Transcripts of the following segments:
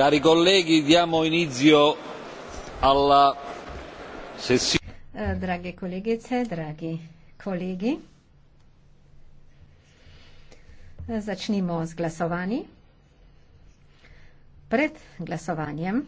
cari colleghi diamo inizio alla sessione draghe eh, kolegice draghi kolegi eh, začnimo z glasovanji pred glasovanjem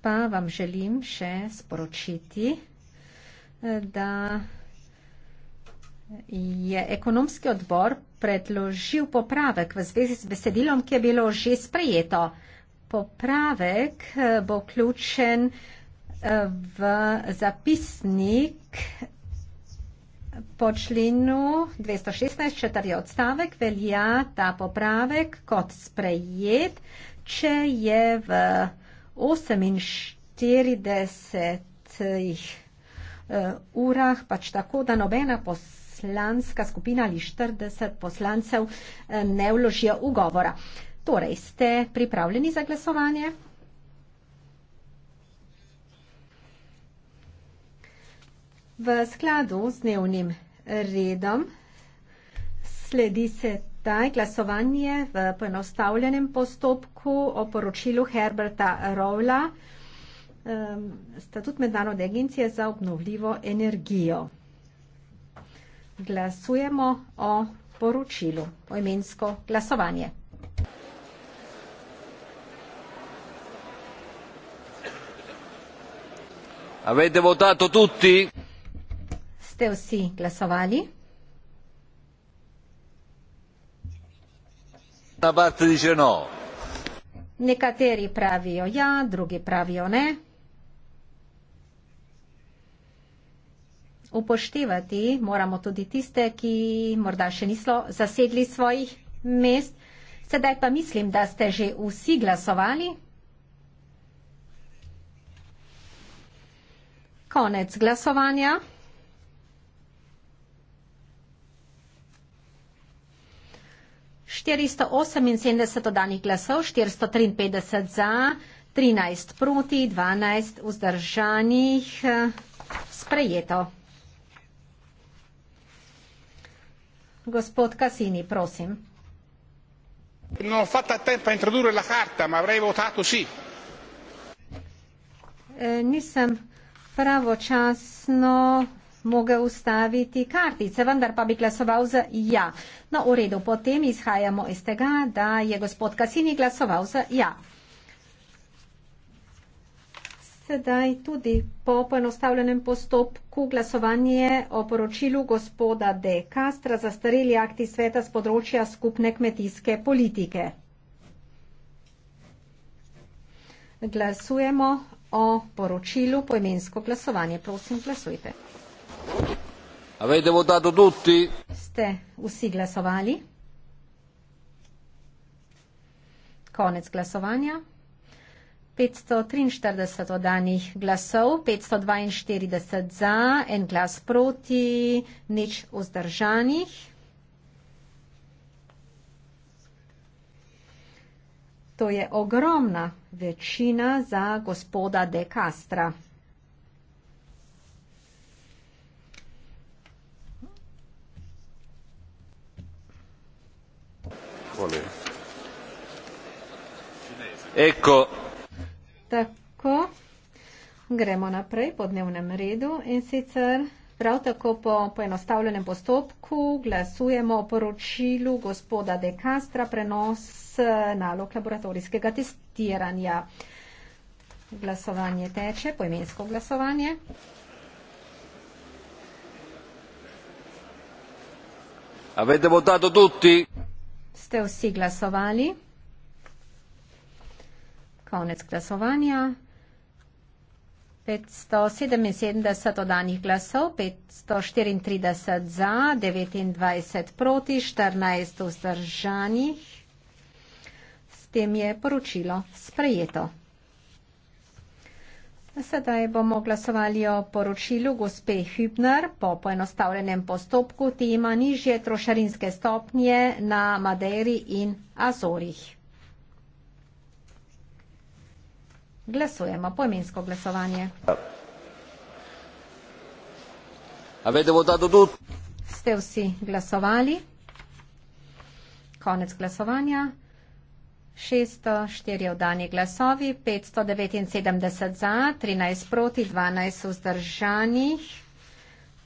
pa vam želim še sporočiti eh, da je ekonomski odbor predložil popravek v zvezi z besedilom, ki je bilo že sprejeto popravek eh, bo ključen eh, v zapisnik po členu 216 četrti odstavek velja ta popravek kot sprejet, če je v 48 eh, urah pač tako, da nobena poslanska skupina ali 40 poslancev ne vložijo ugovora. Torej, ste pripravljeni za glasovanje? V skladu z dnevnim redom sledi se taj glasovanje v ponostavljenem postopku o poročilu Herberta Rowla, ehm, statut Mednarodne agencije za obnovljivo energijo. Glasujemo o poročilu, o imensko glasovanje. Avete votato tutti? Ste vsi glasovali? Una parte dice no. Nekateri pravijo ja, drugi pravijo ne. Upoštevati moramo tudi tiste, ki morda še niso zasedli svojih mest. Sedaj pa mislim, da ste že vsi glasovali. konec glasovanja. Štiristo oseminsedemdeset oddanih glasov, štiristo triinpetdeset za, trinajst proti, dvanajst vzdržanih, sprejeto. Gospod Kasini, prosim. No, fatta tempo a introdurre la carta, ma avrei votato sì. Eh, nisem pravočasno mogel ustaviti kartice, vendar pa bi glasoval za ja. No, v redu, potem izhajamo iz tega, da je gospod Kasini glasoval za ja. Sedaj tudi po poenostavljenem postopku glasovanje o poročilu gospoda De Castra za starili akti sveta z področja skupne kmetijske politike. Glasujemo o poročilu poimensko glasovanje. Prosim, glasujte. Avete votato tutti? Ste vsi glasovali? Konec glasovanja. 543 oddanih glasov, 542 za, en glas proti, nič vzdržanih. To je ogromna večina za gospoda De Castra. Ecco. Tako, gremo naprej po dnevnem redu in sicer. Prav tako po poenostavljenem postopku glasujemo o poročilu gospoda De Castra prenos eh, nalog laboratorijskega testiranja. Glasovanje teče, poimensko glasovanje. Avete votato tutti? Ste vsi glasovali? Konec glasovanja. 577 odanih glasov, 534 za, 29 proti, 14 vzdržanih. S tem je poročilo sprejeto. Sedaj bomo glasovali o poročilu gospe Hübner po poenostavljenem postopku tema nižje trošarinske stopnje na Madeiri in Azorih. Glasujemo poimensko glasovanje. Ste vsi glasovali? Konec glasovanja. 604 vdani glasovi, 579 za, 13 proti, 12 vzdržanih.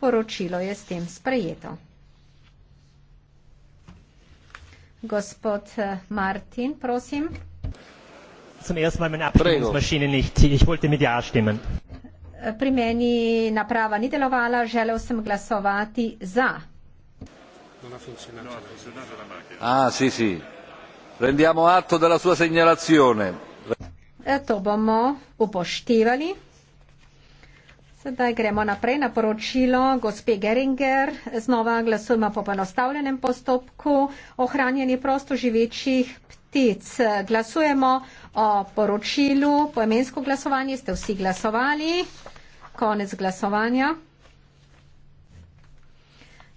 Poročilo je s tem sprejeto. Gospod eh, Martin, prosim zum ersten Mal meine Abstimmungsmaschine Prego. nicht. Ich wollte mit Ja stimmen. Pri meni naprava ni delovala, želel sem glasovati za. Ah, sì, sì. Prendiamo atto della sua segnalazione. E to bomo upoštevali. Sedaj gremo naprej na poročilo gospe Geringer. Znova glasujemo po ponostavljenem postopku ohranjeni prosto živečih pticev. Tic, glasujemo o poročilu, poemensko glasovanje, ste vsi glasovali, konec glasovanja.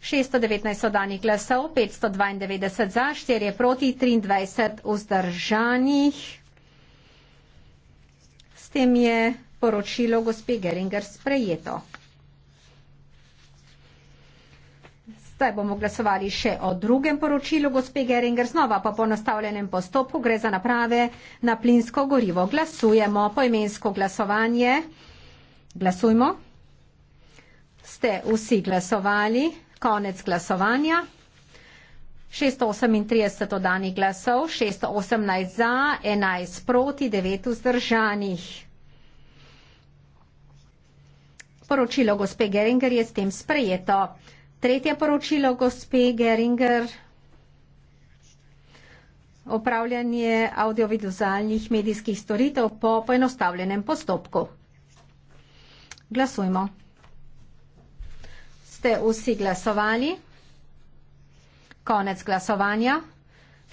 619 oddanih glasov, 592 za, 4 je proti, 23 vzdržanih. S tem je poročilo gospe Geringer sprejeto. Zdaj bomo glasovali še o drugem poročilu gospe Geringer znova po ponostavljenem postopku. Gre za naprave na plinsko gorivo. Glasujemo poimensko glasovanje. Glasujmo. Ste vsi glasovali. Konec glasovanja. 638 odanih glasov, 618 za, 11 proti, 9 vzdržanih. Poročilo gospe Geringer je s tem sprejeto. Tretje poročilo gospe Geringer. Opravljanje audiovizualnih medijskih storitev po poenostavljenem postopku. Glasujmo. Ste vsi glasovali? Konec glasovanja.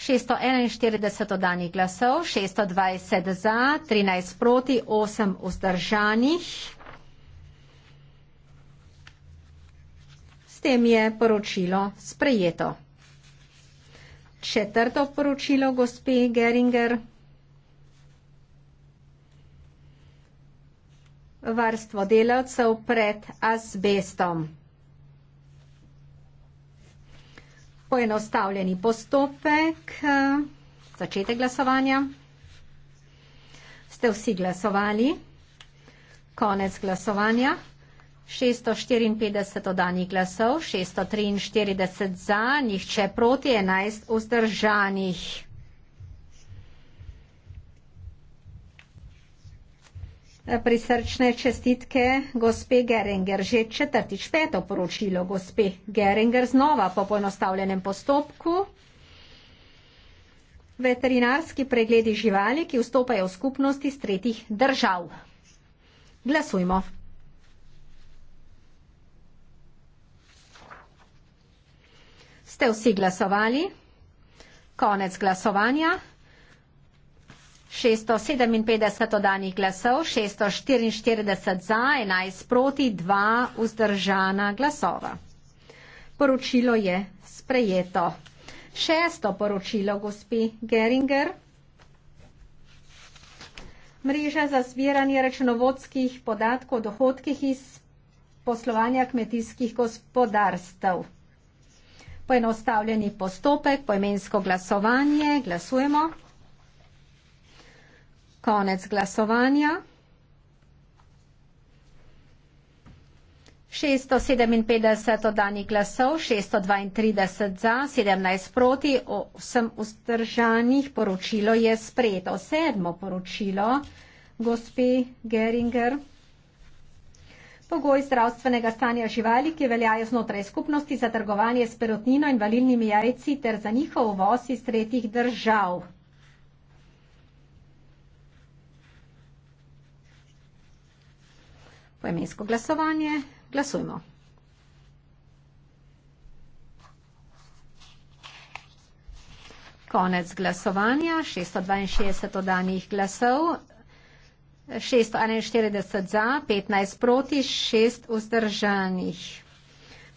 641 odanih glasov, 620 za, 13 proti, 8 vzdržanih. tem je poročilo sprejeto. Četrto poročilo gospe Geringer. Varstvo delavcev pred azbestom. Poenostavljeni postopek, začetek glasovanja. Ste vsi glasovali? Konec glasovanja. 654 oddanih glasov, 643 za, nihče proti, 11 vzdržanih. Prisrčne čestitke gospe Geringer, že četrtič peto poročilo gospe Geringer znova po poenostavljenem postopku. Veterinarski pregledi živali, ki vstopajo v skupnosti iz tretjih držav. Glasujmo. Ste vsi glasovali? Konec glasovanja. 657 odanih glasov, 644 za, 11 proti, 2 vzdržana glasova. Poročilo je sprejeto. Šesto poročilo, gospi Geringer. Mreža za zbiranje računovodskih podatkov o dohodkih iz poslovanja kmetijskih gospodarstv poenostavljeni postopek, poimensko glasovanje. Glasujemo. Konec glasovanja. 657 odanih glasov, 632 za, 17 proti, 8 vzdržanih. Poročilo je sprejeto. Sedmo poročilo, gospi Geringer. Pogoj zdravstvenega stanja živali, ki veljajo znotraj skupnosti za trgovanje s perotnino in valilnimi jajci ter za njihov uvoz iz tretjih držav. Poemensko glasovanje. Glasujmo. Konec glasovanja. 662 oddanih glasov. 641 za, 15 proti, 6 vzdržanih.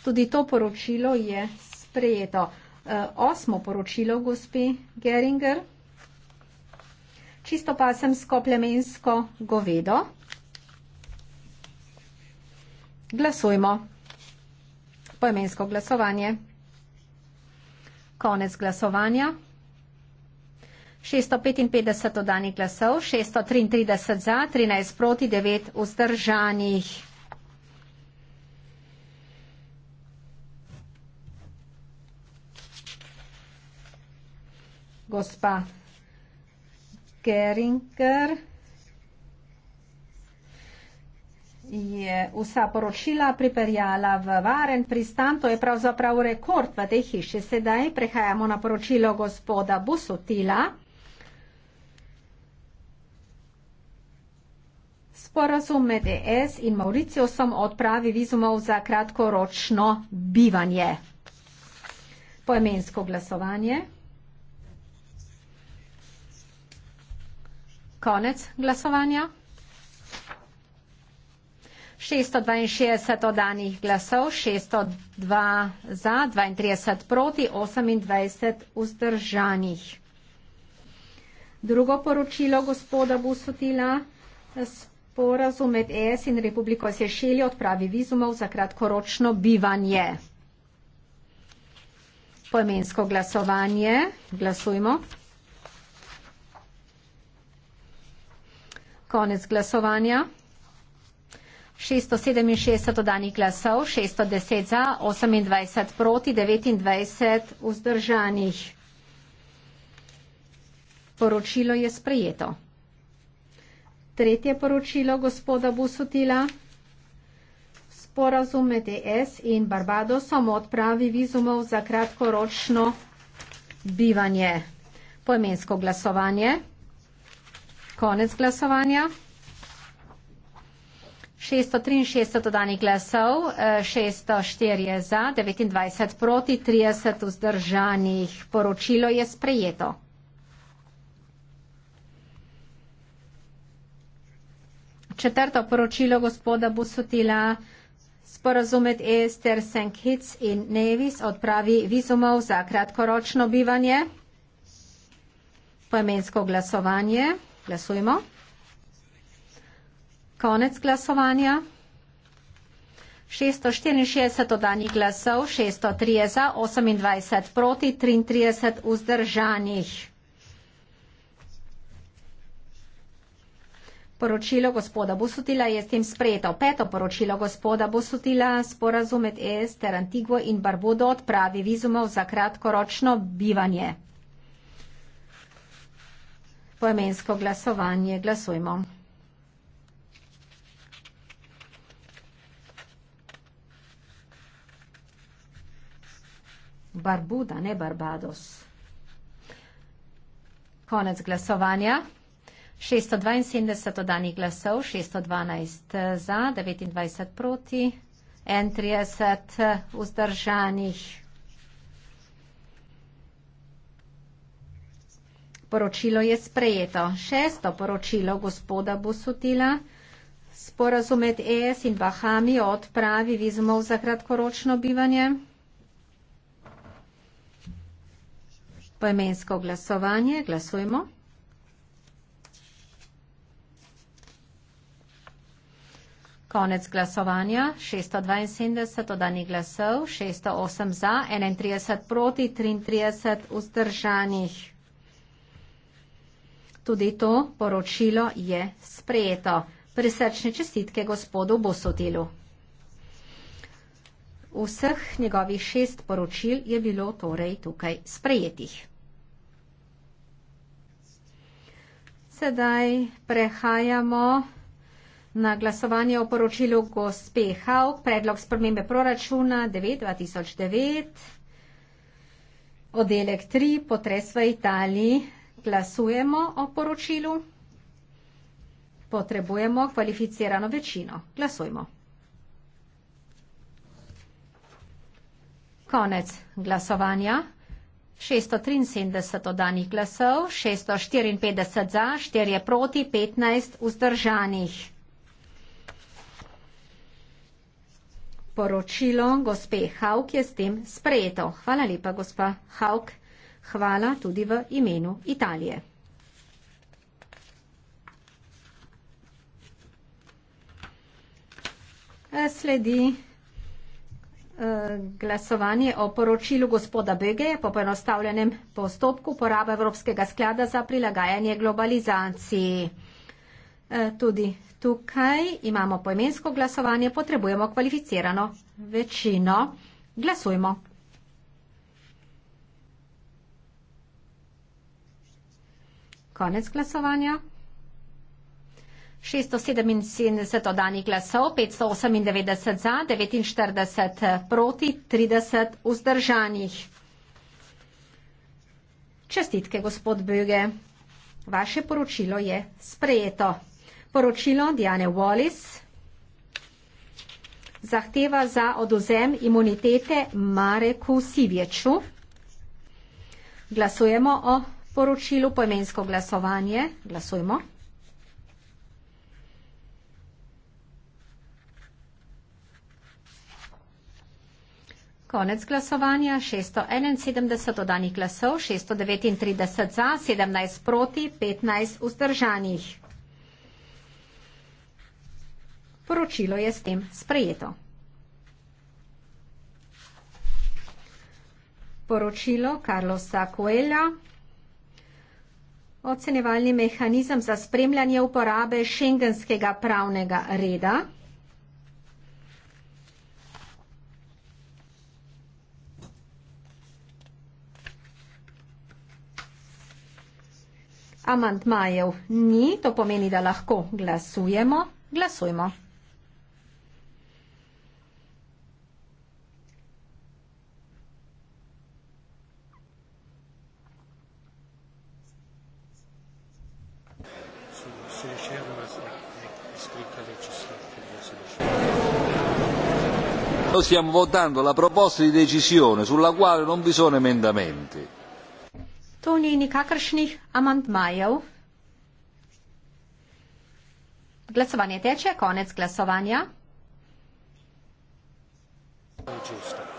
Tudi to poročilo je sprejeto. E, osmo poročilo, gospi Geringer. Čisto pa sem skoplemensko govedo. Glasujmo. Poemensko glasovanje. Konec glasovanja. 655 oddanih glasov, 633 za, 13 proti, 9 vzdržanih. Gospa Geringer je vsa poročila pripeljala v varen pristan, to je pravzaprav rekord v tej hiši. Sedaj prehajamo na poročilo gospoda Busutila. sporazum med ES in Mauriciusom o odpravi vizumov za kratkoročno bivanje. Poemensko glasovanje. Konec glasovanja. 662 oddanih glasov, 602 za, 32 proti, 28 vzdržanih. Drugo poročilo gospoda Busutila s Porazum med ES in Republiko Sešilijo odpravi vizumov za kratkoročno bivanje. Poimensko glasovanje. Glasujmo. Konec glasovanja. 667 dodanih glasov, 610 za, 28 proti, 29 vzdržanih. Poročilo je sprejeto tretje poročilo gospoda Busutila. Sporazum med ES in Barbado samo odpravi vizumov za kratkoročno bivanje. Poimensko glasovanje. Konec glasovanja. 663 dodanih glasov, 604 e, je za, 29 proti, 30 vzdržanih. Poročilo je sprejeto. četrto poročilo gospoda Busutila, sporazumet Ester Senkic in Nevis odpravi vizumov za kratkoročno bivanje, poemensko glasovanje. Glasujmo. Konec glasovanja. 664 dodanih glasov, 630 za, 28 proti, 33 vzdržanih. Poročilo gospoda Busutila je s tem sprejeto. Peto poročilo gospoda Busutila, sporazum med ES ter Antiguo in Barbudo odpravi vizumov za kratkoročno bivanje. Poemensko glasovanje. Glasujmo. Barbuda, ne Barbados. Konec glasovanja. 672 danih glasov, 612 eh, za, 29 proti, 31 eh, vzdržanih. Poročilo je sprejeto. Šesto poročilo gospoda Busutila. Sporazum med ES in Bahami odpravi vizumov za kratkoročno bivanje. Poimensko glasovanje. Glasujmo. Konec glasovanja 672 odanih glasov, 608 za, 31 proti, 33 vzdržanih. Tudi to poročilo je sprejeto. Prisrčne čestitke gospodu Bosotilu. Vseh njegovih šest poročil je bilo torej tukaj sprejetih. Sedaj prehajamo. Na glasovanje o poročilu gospe Hauk, predlog spremembe proračuna 9-2009, oddelek 3, potres v Italiji. Glasujemo o poročilu. Potrebujemo kvalificirano večino. Glasujmo. Konec glasovanja. 673 odanih glasov, 654 za, 4 proti, 15 vzdržanih. poročilo gospe Hauk je s tem sprejeto. Hvala lepa, gospa Hauk. Hvala tudi v imenu Italije. Sledi eh, glasovanje o poročilu gospoda Bege po poenostavljenem postopku poraba Evropskega sklada za prilagajanje globalizaciji. E, tudi tukaj imamo poimensko glasovanje, potrebujemo kvalificirano večino. Glasujmo. Konec glasovanja. 677 odanih glasov, 598 za, 49 proti, 30 vzdržanih. Čestitke, gospod Böge. Vaše poročilo je sprejeto. Poročilo Diane Wallis zahteva za odozem imunitete Mareku Sivječu. Glasujemo o poročilu poimensko glasovanje. Glasujemo. Konec glasovanja, 671 dodanih glasov, 639 za, 17 proti, 15 vzdržanih. Poročilo je s tem sprejeto. Poročilo Carlosa Coelha. Ocenevalni mehanizem za spremljanje uporabe šengenskega pravnega reda. Amantmajev ni, to pomeni, da lahko glasujemo. Glasujmo. Noi stiamo votando la proposta di decisione sulla quale non vi sono emendamenti. Glasovanje teče, konec glasovanja. Giusto.